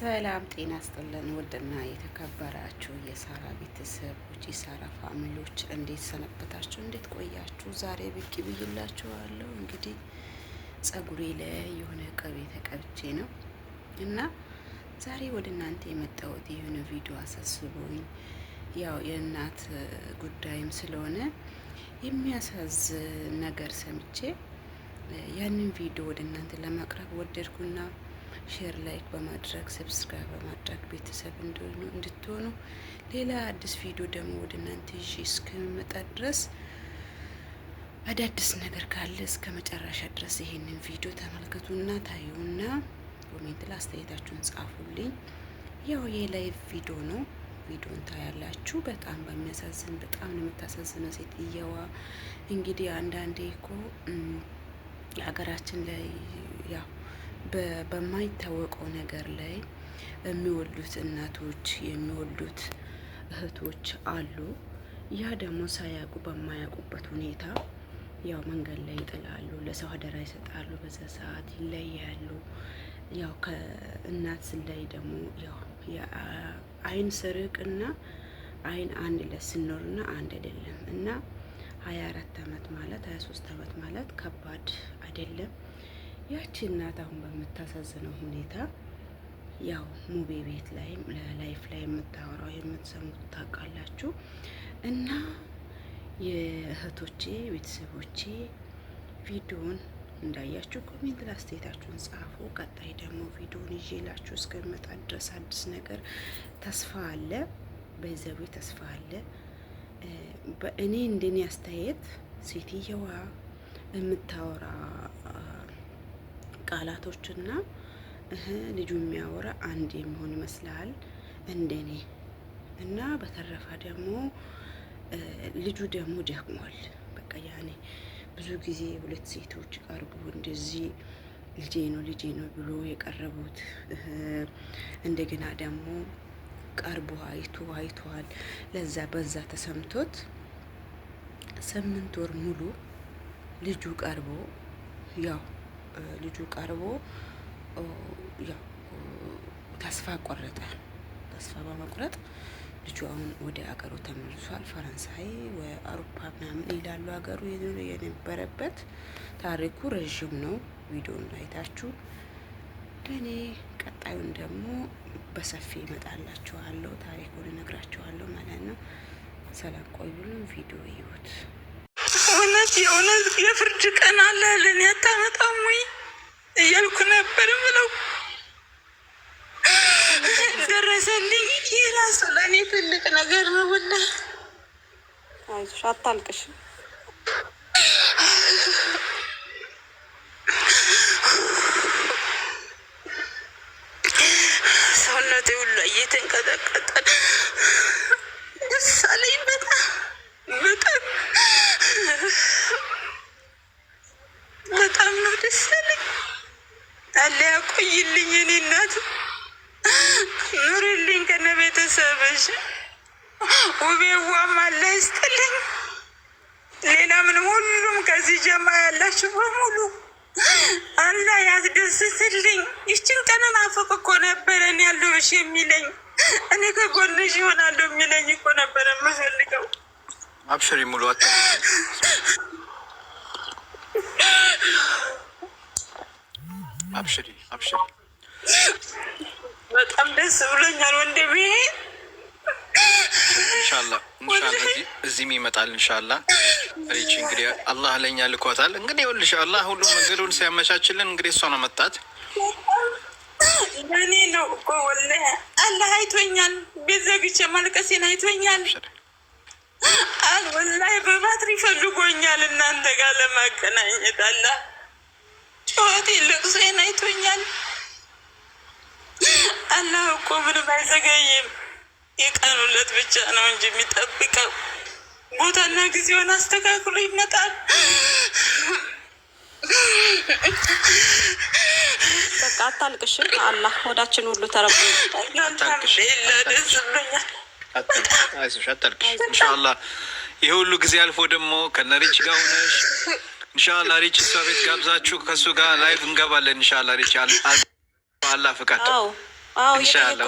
ሰላም ጤና ስጥልን ውድና የተከበራችሁ የሳራ ቤተሰቦች የሳራ ፋሚሊዎች እንዴት ሰነበታችሁ? እንዴት ቆያችሁ? ዛሬ ብቅ ብይላችኋለሁ። እንግዲህ ጸጉሬ ላይ የሆነ ቅቤ ተቀብቼ ነው እና ዛሬ ወደ እናንተ የመጣሁት የሆነ ቪዲዮ አሳስቦኝ ያው የእናት ጉዳይም ስለሆነ የሚያሳዝን ነገር ሰምቼ ያንን ቪዲዮ ወደ እናንተ ለማቅረብ ወደድኩና ሼር ላይክ በማድረግ ሰብስክራይብ በማድረግ ቤተሰብ እንድትሆኑ ሌላ አዲስ ቪዲዮ ደግሞ ወደ እናንተ ይዤ እስከምመጣ ድረስ አዳዲስ ነገር ካለ እስከ መጨረሻ ድረስ ይሄንን ቪዲዮ ተመልከቱና ታዩና ኮሜንት ላይ አስተያየታችሁን ጻፉልኝ። ያው የላይቭ ቪዲዮ ነው። ቪዲዮን ታያላችሁ። በጣም በሚያሳዝን በጣም ነው የምታሳዝነ ሴትየዋ። እንግዲህ አንዳንዴ እኮ ሀገራችን ላይ ያው በማይታወቀው ነገር ላይ የሚወልዱት እናቶች የሚወልዱት እህቶች አሉ። ያ ደግሞ ሳያውቁ በማያውቁበት ሁኔታ ያው መንገድ ላይ ይጥላሉ፣ ለሰው አደራ ይሰጣሉ። በዛ ሰዓት ይለያሉ። ያው ከእናት ላይ ደግሞ ያው አይን ስርቅ እና አይን አንድ ላይ ስኖርና አንድ አይደለም እና ሀያ አራት አመት ማለት ሀያ ሶስት አመት ማለት ከባድ አይደለም። ያቺ እናት አሁን በምታሳዝነው ሁኔታ ያው ሙቤ ቤት ላይ ላይፍ ላይ የምታወራው የምትሰሙት ታውቃላችሁ። እና የእህቶቼ ቤተሰቦቼ ቪዲዮን እንዳያችሁ ኮሜንት ላስተያየታችሁን ጻፉ። ቀጣይ ደግሞ ቪዲዮን ይዤላችሁ እስከመጣ ድረስ አዲስ ነገር ተስፋ አለ፣ በዘቤ ተስፋ አለ። በእኔ እንደኔ አስተያየት ሴትየዋ የምታወራ ቃላቶችና ልጁ የሚያወራ አንድ የሚሆን ይመስላል እንደኔ። እና በተረፈ ደግሞ ልጁ ደግሞ ደክሟል። በቃ ያኔ ብዙ ጊዜ ሁለት ሴቶች ቀርቡ እንደዚህ ልጄ ነው ልጄ ነው ብሎ የቀረቡት እንደገና ደግሞ ቀርቦ አይቶ አይተዋል። ለዛ በዛ ተሰምቶት ስምንት ወር ሙሉ ልጁ ቀርቦ ያው ልጁ ቀርቦ ያው ተስፋ ቆረጠ። ተስፋ በመቁረጥ ልጁ አሁን ወደ አገሩ ተመልሷል። ፈረንሳይ አውሮፓ ምናምን ይላሉ ሀገሩ የነበረበት ታሪኩ ረዥም ነው። ቪዲዮን አይታችሁ ለእኔ ቀጣዩን ደግሞ በሰፊ ይመጣላችኋለሁ። ታሪኩን እነግራችኋለሁ ማለት ነው። ሰላም ቆዩልን። ቪዲዮ ይዩት። እውነት የእውነት የፍርድ ቀን አለ ለእኔ አታመጣም ወይ እያልኩ ነበር ብለው ደረሰልኝ። ይህ ራሱ ለእኔ ትልቅ ነገር ነው። ወላሂ አታልቅሽ። ቅቤ ዋማለ ይስጥልኝ። ሌላ ምንም ሁሉም ከዚህ ጀማ ያላችሁ በሙሉ አላ ያስደስትልኝ። ይችን ቀን ናፍቅ እኮ ነበረን ያለሁሽ የሚለኝ እኔ ከጎንሽ ይሆናለሁ የሚለኝ እኮ ነበረ የምፈልገው። አብሽሪ ሙሉ አት አብሽሪ አብሽሪ። በጣም ደስ ብሎኛል ወንድሜ። እንሻላ እንሻላ እዚህም ይመጣል እንሻላ። ሪች እንግዲህ አላህ ለኛ ልኮታል። እንግዲህ ይኸውልሽ አላህ ሁሉ ነገሩን ሲያመቻችልን እንግዲህ እሷ ነው መጣት እኔ ነው እኮ ወላሂ አላህ አይቶኛል። ቤት ዘግቼ ማልቀሴን አይቶኛል። ወላሂ በባትሪ ፈልጎኛል እናንተ ጋር ለማገናኘት አላ ጨዋቴ ልቅሶን አይቶኛል። አላህ እኮ ምንም አይዘገይም። የቀኑለት ብቻ ነው እንጂ የሚጠብቀው ቦታና ጊዜውን አስተካክሎ ይመጣል። በቃ አታልቅሽ፣ አላህ ሆዳችን ሁሉ ተረብ አይዞሽ፣ አታልቅሽ። እንሻላ ይህ ሁሉ ጊዜ አልፎ ደግሞ ከነሪች ጋር ሆነሽ እንሻላ ሪች እሷ ቤት ጋብዛችሁ ከእሱ ጋር ላይቭ እንገባለን። እንሻላ ሪች አላ ፍቃድ አዎ ኢንሻላ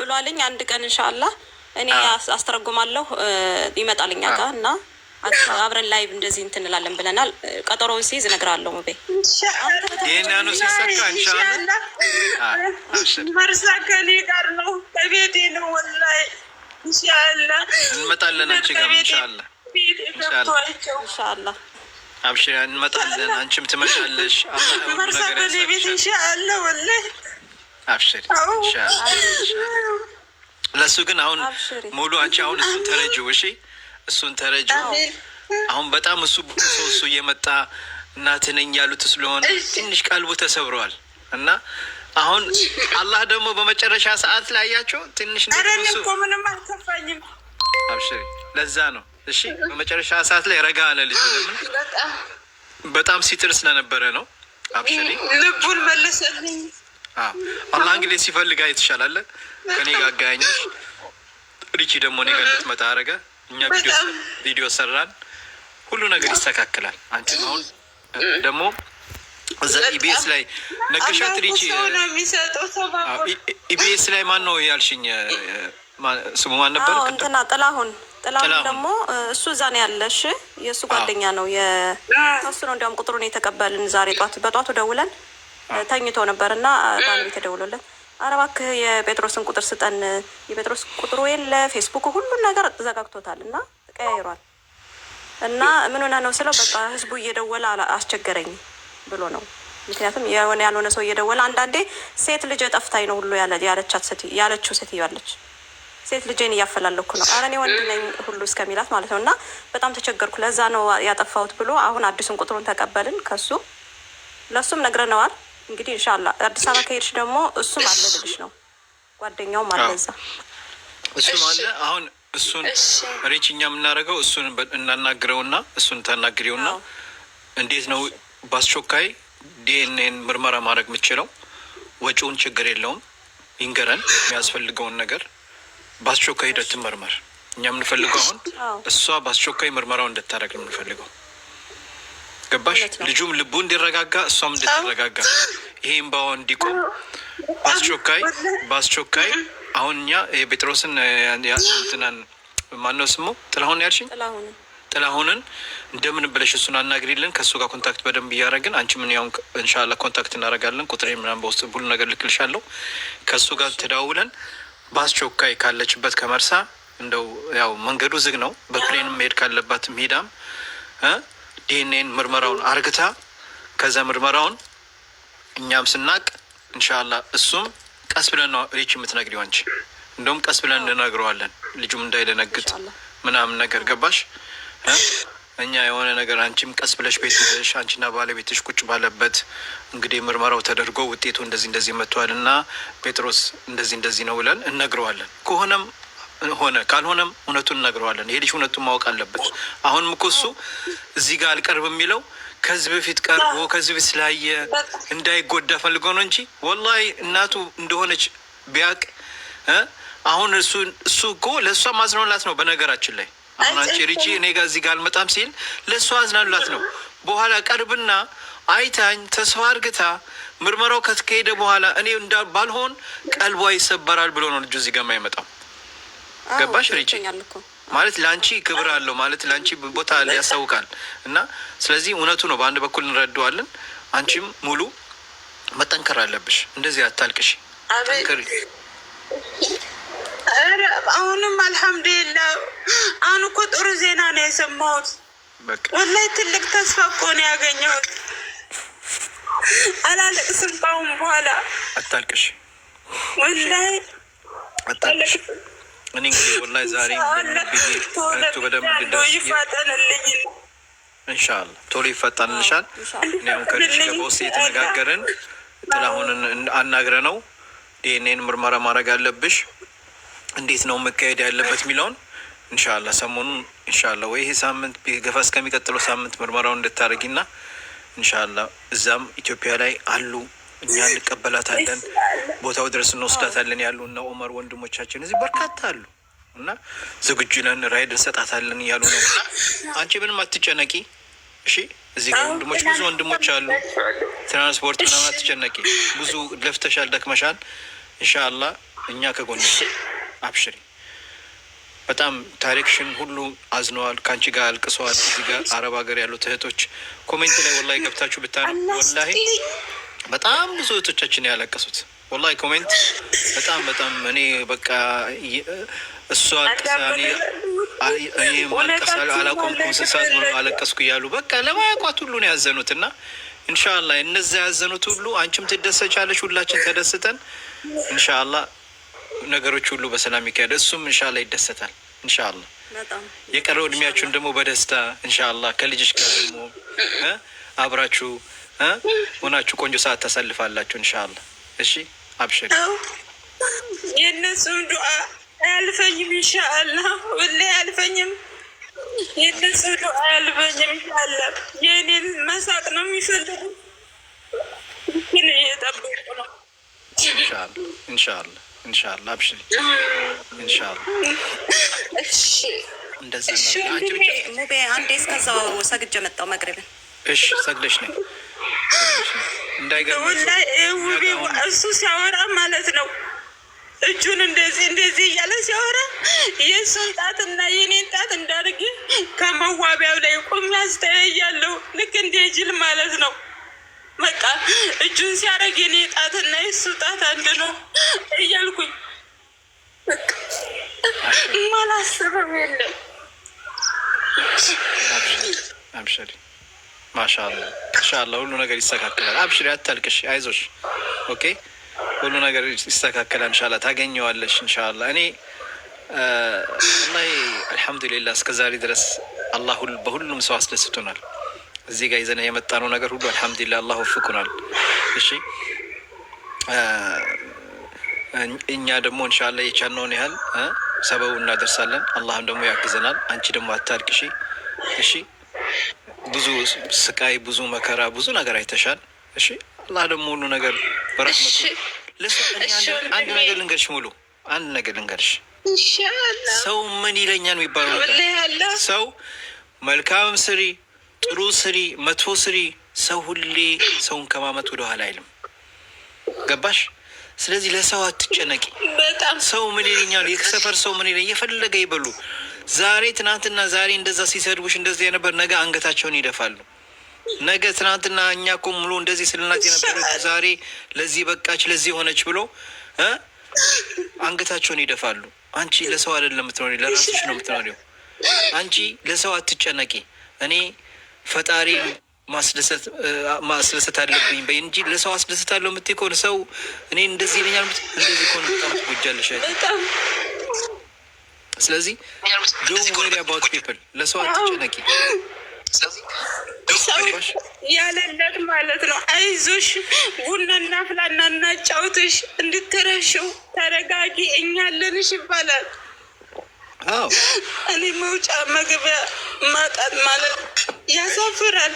ብሏልኝ። አንድ ቀን ኢንሻላ እኔ አስተረጉማለሁ ይመጣልኛ ጋር እና አብረን ላይ እንደዚህ እንትንላለን ብለናል። ቀጠሮውን ሲይዝ እነግርሃለሁ። ሙቤ ይህንኑ ሲሰካ እንሻላ መርሳ ከኔ ጋር ነው፣ ከቤቴ ነው። ወላሂ እንሻላ እንመጣለን። አንቺ ጋር እንሻላ እንሻላ እንመጣለን። አንቺም ትመጣለሽ። መርሳ ከኔ ቤት እንሻላ ወላሂ አብሽሪ። ለእሱ ግን አሁን ሙሉ አንቺ አሁን እሱን ተረጂው፣ እሺ እሱን ተረጂው። አሁን በጣም እሱ ሰው እሱ እየመጣ እናት ነኝ ያሉት ስለሆነ ትንሽ ቀልቡ ተሰብረዋል እና አሁን አላህ ደግሞ በመጨረሻ ሰዓት ላይ ያያቸው ትንሽ ምንም አልከፋኝም። አብሽሪ፣ ለዛ ነው እሺ። በመጨረሻ ሰዓት ላይ ረጋ አለ ልጅ። ለምን በጣም ሲጥር ስለነበረ ነው። አብሽሪ፣ ልቡን መለሰልኝ። አላህ እንግዲህ ሲፈልግ አይተሻል ከኔ ጋር አጋያኝሽ ሪቺ ደግሞ እኔ ጋር እንድትመጣ አደረገ። እኛ ቪዲዮ ሰራን፣ ሁሉ ነገር ይስተካከላል። አንቺ አሁን ደግሞ እዛ ኢቢኤስ ላይ ነገሻት ሪቺ ኢቢኤስ ላይ ማን ነው ያልሽኝ? ስሙ ማን ነበር? እንትና ጥላሁን ጥላሁን ደግሞ እሱ እዛ ነው ያለሽ፣ የእሱ ጓደኛ ነው። የእሱ ነው እንዲያውም ቁጥሩን የተቀበልን ዛሬ ጧት በጧቱ ደውለን ተኝቶ ነበር እና ባለቤት ተደውሎለት ኧረ እባክህ የጴጥሮስን ቁጥር ስጠን፣ የጴጥሮስ ቁጥሩ የለ ፌስቡክ ሁሉን ነገር ዘጋግቶታል እና ቀያይሯል እና ምን ሆነ ነው ስለው በቃ ህዝቡ እየደወለ አስቸገረኝ ብሎ ነው። ምክንያቱም የሆነ ያልሆነ ሰው እየደወለ አንዳንዴ ሴት ልጅ ጠፍታኝ ነው ሁሉ ያለችው ሴት ያለች ሴት ልጄን እያፈላለኩ ነው አረ እኔ ወንድ ነኝ ሁሉ እስከሚላት ማለት ነው። እና በጣም ተቸገርኩ፣ ለዛ ነው ያጠፋሁት ብሎ አሁን አዲሱን ቁጥሩን ተቀበልን ከሱ ለሱም ነግረነዋል። እንግዲህ እንሻላ አዲስ አበባ ከሄድሽ ደግሞ እሱም አለ ልልሽ ነው። ጓደኛውም አለ እዛ እሱም አለ አሁን እሱን ሬች እኛ የምናደርገው እሱን እናናግረውና እሱን ታናግሪውና እንዴት ነው በአስቸኳይ ዲኤንኤን ምርመራ ማድረግ የምችለው ወጪውን ችግር የለውም ይንገረን፣ የሚያስፈልገውን ነገር በአስቸኳይ ሂደት መርመር። እኛ የምንፈልገው አሁን እሷ በአስቸኳይ ምርመራው እንድታደርግ የምንፈልገው ገባሽ? ልጁም ልቡ እንዲረጋጋ እሷም እንድትረጋጋ ይሄ እምባዋ እንዲቆም በአስቸኳይ በአስቸኳይ አሁን እኛ ጴጥሮስን ትናን ማነው ስሙ ጥላሁን ያልሽኝ ጥላሁንን እንደምን ብለሽ እሱን አናግሪልን። ከእሱ ጋር ኮንታክት በደንብ እያደረግን አንቺ ምን ያሁን እንሻላ ኮንታክት እናደርጋለን። ቁጥር ምናምን በውስጥ ሁሉ ነገር ልክልሻለሁ። ከእሱ ጋር ተደዋውለን በአስቸኳይ ካለችበት ከመርሳ እንደው ያው መንገዱ ዝግ ነው። በፕሌን መሄድ ካለባት ሜዳም ዲኤንኤን ምርመራውን አርግታ ከዛ ምርመራውን እኛም ስናቅ እንሻላ እሱም ቀስ ብለን ነው ሪች የምትነግሪው አንቺ። እንደውም ቀስ ብለን እንነግረዋለን ልጁም እንዳይደነግጥ ምናምን ነገር ገባሽ? እኛ የሆነ ነገር አንቺም ቀስ ብለሽ ቤት ብለሽ አንቺና ባለቤትሽ ቁጭ ባለበት እንግዲህ ምርመራው ተደርጎ ውጤቱ እንደዚህ እንደዚህ መጥቷል እና ጴጥሮስ እንደዚህ እንደዚህ ነው ብለን እነግረዋለን። ከሆነም ሆነ ካልሆነም እውነቱን እነግረዋለን። ይሄ ልጅ እውነቱን ማወቅ አለበት። አሁንም እኮ እሱ እዚህ ጋር አልቀርብ የሚለው ከዚህ በፊት ቀርቦ ከዚህ በፊት ስላየ እንዳይጎዳ ፈልጎ ነው እንጂ ወላሂ እናቱ እንደሆነች ቢያቅ አሁን እሱ እሱ እኮ ለእሷ ማዝኖላት ነው። በነገራችን ላይ አሁን አንቺ ሪቺ እኔ ጋር እዚህ ጋር አልመጣም ሲል ለእሷ አዝናሉላት ነው። በኋላ ቀርብና አይታኝ ተስፋ እርግታ ምርመራው ከተካሄደ በኋላ እኔ ባልሆን ቀልቧ ይሰበራል ብሎ ነው ልጁ እዚህ ጋር የማይመጣው። ገባሽ ሪች ማለት ለአንቺ ክብር አለው ማለት ለአንቺ ቦታ ያሳውቃል እና ስለዚህ እውነቱ ነው። በአንድ በኩል እንረዳዋለን። አንቺም ሙሉ መጠንከር አለብሽ። እንደዚህ አታልቅሽ። አሁንም አልሐምዱሊላ። አሁን እኮ ጥሩ ዜና ነው የሰማሁት። ወላይ ትልቅ ተስፋ እኮ ነው ያገኘሁት። አላለቅስም። በአሁን በኋላ አታልቅሽ፣ ወላይ አታልቅሽ። እኔ እንግዲህ ወላሂ ዛሬ ቱ በደንብ ይፈጠንልኝ እንሻላ ቶሎ ይፈጠንልሻል። እኔም ከልሽ ከቦስ የተነጋገርን ጥላሁንን አናግረ ነው ዲኤንኤን ምርመራ ማድረግ አለብሽ እንዴት ነው መካሄድ ያለበት የሚለውን እንሻላ ሰሞኑን እንሻላ ወይ ይሄ ሳምንት ገፋ እስከሚቀጥለው ሳምንት ምርመራውን እንድታደርጊና እንሻላ እዛም ኢትዮጵያ ላይ አሉ እኛ እንቀበላታለን፣ ቦታው ድረስ እንወስዳታለን ያሉ እና ኦመር ወንድሞቻችን እዚህ በርካታ አሉ እና ዝግጁ ነን፣ ራይድ እንሰጣታለን እያሉ ነው። አንቺ ምንም አትጨነቂ እሺ። እዚህ ጋር ወንድሞች ብዙ ወንድሞች አሉ። ትራንስፖርት ምናምን አትጨነቂ። ብዙ ለፍተሻል፣ ደክመሻል። እንሻላ እኛ ከጎንሽ አብሽሪ። በጣም ታሪክሽን ሁሉ አዝነዋል፣ ከአንቺ ጋር አልቅሰዋል። እዚህ ጋር አረብ ሀገር ያሉት እህቶች ኮሜንት ላይ ወላሂ ገብታችሁ ብታነ ወላሂ በጣም ብዙ እህቶቻችን ያለቀሱት ወላ ኮሜንት በጣም በጣም እኔ በቃ እሱ አለቀስኩ እያሉ በቃ ለማያውቋት ሁሉ ነው ያዘኑት እና እንሻላ እነዚያ ያዘኑት ሁሉ አንቺም ትደሰቻለች፣ ሁላችን ተደስተን እንሻላ ነገሮች ሁሉ በሰላም ይካሄድ፣ እሱም እንሻላ ይደሰታል። እንሻላ የቀረው እድሜያችሁን ደግሞ በደስታ እንሻላ ከልጅሽ ጋር ደግሞ አብራችሁ ሆናችሁ ቆንጆ ሰዓት ተሰልፋላችሁ። እንሻላ። እሺ አብሽር። የእነሱም ዱዓ አያልፈኝም እንሻላ፣ ወላሂ አያልፈኝም። የእነሱ ዱዓ አያልፈኝም እንሻላ። የእኔን መሳቅ ነው የሚፈልጉ ግን እየጠበቁ ነው። እንሻላ እንሻላ እንሻላ። አብሽሪ እንሻላ። እሺ እንደዚህ ነው። ሙቤ። አንዴ እስከዛው ሰግጄ መጣሁ መቅረብን እሺ ሰግደሽ ነኝ እሱ ሲያወራ ማለት ነው። እጁን እንደዚህ እንደዚህ እያለ ሲያወራ የእሱን ጣት እና የኔን ጣት እንዳርግ ከመዋቢያው ላይ ቁም ያስተያያለሁ። ልክ እንደ ጅል ማለት ነው። በቃ እጁን ሲያደርግ የኔ ጣት እና የእሱ ጣት አንድ ነው እያልኩኝ ማላስበው የለም። ማሻላ ሁሉ ነገር ይስተካከላል። አብሽሪ፣ አታልቅሽ፣ አይዞሽ። ኦኬ ሁሉ ነገር ይስተካከላል። እንሻላ ታገኘዋለሽ። እንሻላ እኔ ወላሂ አልሐምዱሊላ ዛሬ ድረስ አላህ በሁሉም ሰው አስደስቶናል። እዚህ ጋር ይዘን የመጣነው ነገር ሁሉ አልሐምዱሊላ አላህ ወፍቁናል። እሺ እኛ ደግሞ እንሻላ የቻልነውን ያህል ሰበቡ እናደርሳለን። አላህም ደግሞ ያግዘናል። አንቺ ደግሞ አታልቅሺ፣ እሺ ብዙ ስቃይ፣ ብዙ መከራ፣ ብዙ ነገር አይተሻል። እሺ አላህ ደግሞ ሁሉ ነገር በራሱ አንድ ነገር ልንገርሽ ሙሉ አንድ ነገር ልንገርሽ ሰው ምን ይለኛል የሚባለው ነገር ሰው መልካም ስሪ፣ ጥሩ ስሪ፣ መቶ ስሪ፣ ሰው ሁሌ ሰውን ከማመት ወደኋላ አይልም። ገባሽ? ስለዚህ ለሰው አትጨነቂ። ሰው ምን ይለኛል፣ የሰፈር ሰው ምን ይለኛል፣ የፈለገ ይበሉ ዛሬ ትናንትና ዛሬ እንደዛ ሲሰድቡሽ እንደዚ የነበር ነገ አንገታቸውን ይደፋሉ። ነገ ትናንትና እኛ እኮ ሙሉ እንደዚህ ስልናት የነበረች ዛሬ ለዚህ በቃች ለዚህ ሆነች ብሎ አንገታቸውን ይደፋሉ። አንቺ ለሰው አይደለም የምትኖሪ፣ ለራስሽ ነው የምትኖሪው። አንቺ ለሰው አትጨነቂ። እኔ ፈጣሪ ማስደሰት አለብኝ በይ እንጂ ለሰው አስደሰታለሁ የምትይ ከሆነ ሰው እኔ እንደዚህ ይለኛል እንደዚህ ከሆነ በጣም ትጎጃለሽ። ስለዚህ አባውት ለሰው አትጨነቂ ያለለት ማለት ነው። አይዞሽ ቡና እናፍላና እናጫውትሽ እንድትረሽው ተረጋጊ፣ እኛ አለንሽ ይባላል። እኔ መውጫ መግቢያ ማጣት ማለት ያሳፍራል።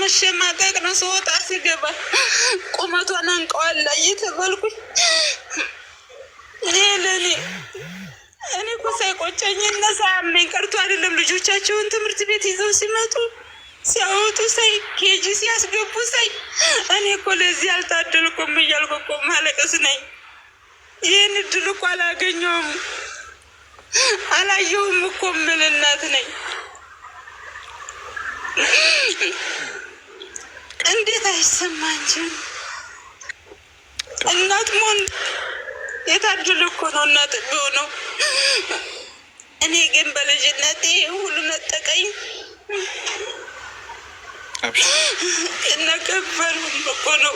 መሸማቀቅ ነው። ስወጣ ስገባ ቁመቷን አንቀዋላ እየተባልኩኝ ይሄ ለእኔ እኔ እኮ ሳይቆጨኝ እነሳ ሳያመኝ ቀርቶ አይደለም። ልጆቻቸውን ትምህርት ቤት ይዘው ሲመጡ ሲያወጡ ሳይ፣ ኬጂ ሲያስገቡ ሳይ፣ እኔ እኮ ለዚህ አልታደልኩም እያልኩ እኮ ማለቀስ ነኝ። ይህን እድል እኮ አላገኘውም አላየሁም እኮ ምን እናት ነኝ። እንዴት አይሰማኝም? እናት መሆን የታደለ እኮ ነው እናት ነው እኔ ግን በልጅነቴ ሁሉ ነጠቀኝ። እና እኮ ነው።